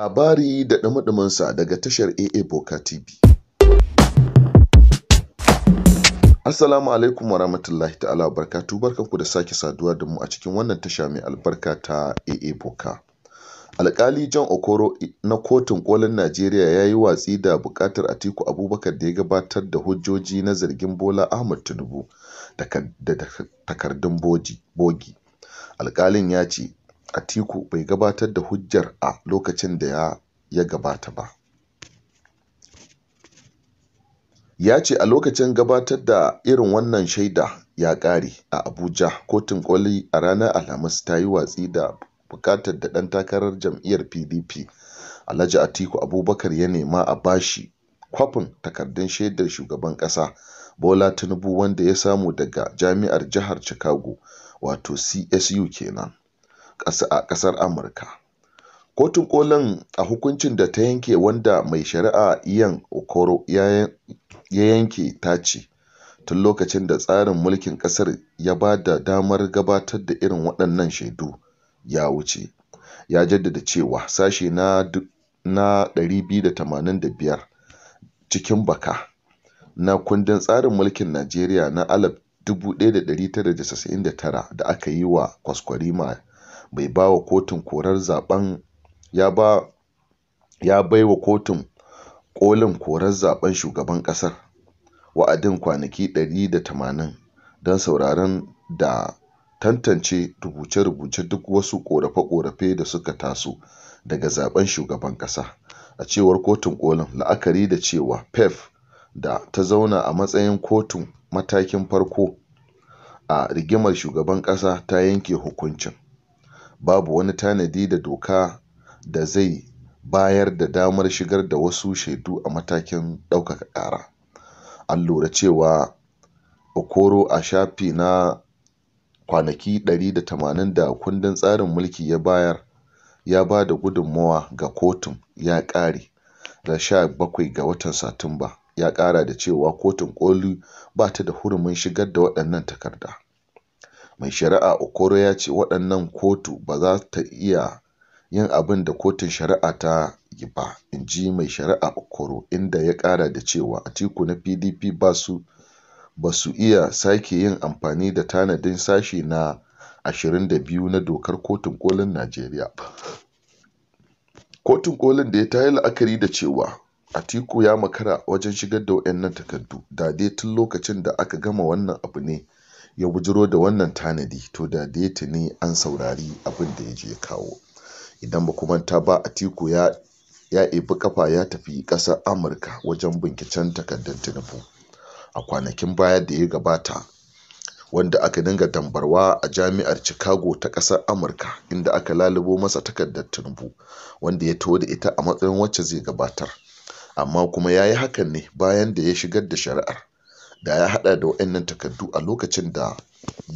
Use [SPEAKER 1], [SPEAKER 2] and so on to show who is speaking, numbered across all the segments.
[SPEAKER 1] labari da ɗumi daga tashar AA Boka TV. Assalamu alaikum wa rahmatullahi ta'ala wa barkatu ku da sake saduwa da mu a cikin wannan tasha mai albarka ta AA Boka. Alƙali John Okoro na kotun kolin Najeriya ya yi watsi da buƙatar Atiku Abubakar da ya gabatar da hujjoji na zargin Bola Ahmad Tinubu da takardun bogi. Alƙalin ya ce Atiku bai gabatar da hujjar a lokacin da ya gabata ba. Ya ce a lokacin gabatar da irin wannan shaida ya ƙare a Abuja, Kotun Koli a ranar Alhamis ta yi watsi da bukatar da ɗan takarar jam'iyyar PDP, Alhaji Atiku Abubakar ya nema a bashi kwafin takardun shaidar Shugaban ƙasa Bola Tinubu wanda ya samu daga Jami'ar Jihar Chicago, wato CSU kenan. a ƙasar Amurka. Kotun Kolin a hukuncin da ta yanke wanda mai shari'a iyan Okoro ya yanke ta ce, tun lokacin da tsarin mulkin ƙasar ya ba da damar gabatar da irin waɗannan shaidu ya wuce. Ya jaddada cewa sashe na 285 cikin baka na kundin tsarin mulkin Najeriya na 1999 da aka yi wa kwaskwarima bai ba wa kotun korar zaɓen ya bai wa kotun ƙolin korar zaɓen shugaban ƙasar wa'adin kwanaki ɗari da tamanin, don sauraron da tantance rubuce-rubuce duk wasu ƙorafe-ƙorafe da suka taso daga zaɓen shugaban ƙasa a cewar kotun kolin la'akari da cewa pef da ta zauna a matsayin kotun matakin farko a rigimar shugaban ƙasa ta yanke hukuncin babu wani tanadi da doka da zai bayar da damar shigar da wasu shaidu a matakin ɗaukaka ƙara. An lura cewa Okoro a shafi na kwanaki 180 da kundin tsarin mulki ya bayar ya ba da gudummawa ga kotun ya ƙare da 17 ga watan Satumba, ya ƙara da cewa Kotun Koli ba ta da hurumin shigar da waɗannan takarda. Mai Shari'a Okoro ya ce waɗannan kotu ba za ta iya yin abin da Kotun Shari'a ta yi ba, in ji Mai Shari'a Okoro, inda ya ƙara da cewa Atiku na PDP ba su iya sake yin amfani da tanadin Sashe na 22 na Dokar Kotun Kolin Najeriya ba. Kotun Kolin dai ta yi la'akari da cewa Atiku ya makara wajen shigar da waɗannan takardu, da dai tun lokacin da aka gama wannan abu ne. ya bujiro da wannan tanadi to da ya tuni an saurari abin da ya je kawo idan ba manta ba tiku ya ya ebi kafa ya tafi ƙasar Amurka wajen binciken takardar Tinubu a kwanakin baya da ya gabata wanda aka dinga tambarwa a jami'ar Chicago ta ƙasar Amurka inda aka lalubo masa takardar Tinubu wanda ya taho da ita a matsayin wacce zai gabatar amma kuma ya yi hakan ne bayan da ya shigar da shari'ar da ya haɗa da waɗannan takardu a lokacin da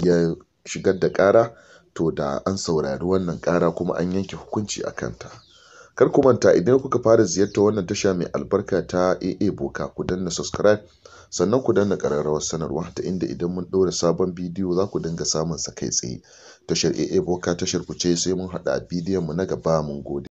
[SPEAKER 1] ya shigar da ƙara to da an saurari wannan ƙara kuma an yanke hukunci a kanta. Kar ku manta idan kuka fara ziyartar wannan tasha mai albarka ta AA Boka ku danna subscribe sannan ku danna ƙararrawar sanarwa ta inda idan mun ɗora sabon bidiyo za ku dinga samun sa kai tsaye. Tashar AA Boka tashar ku ce sai mun haɗu a bidiyon mu na gaba mun gode.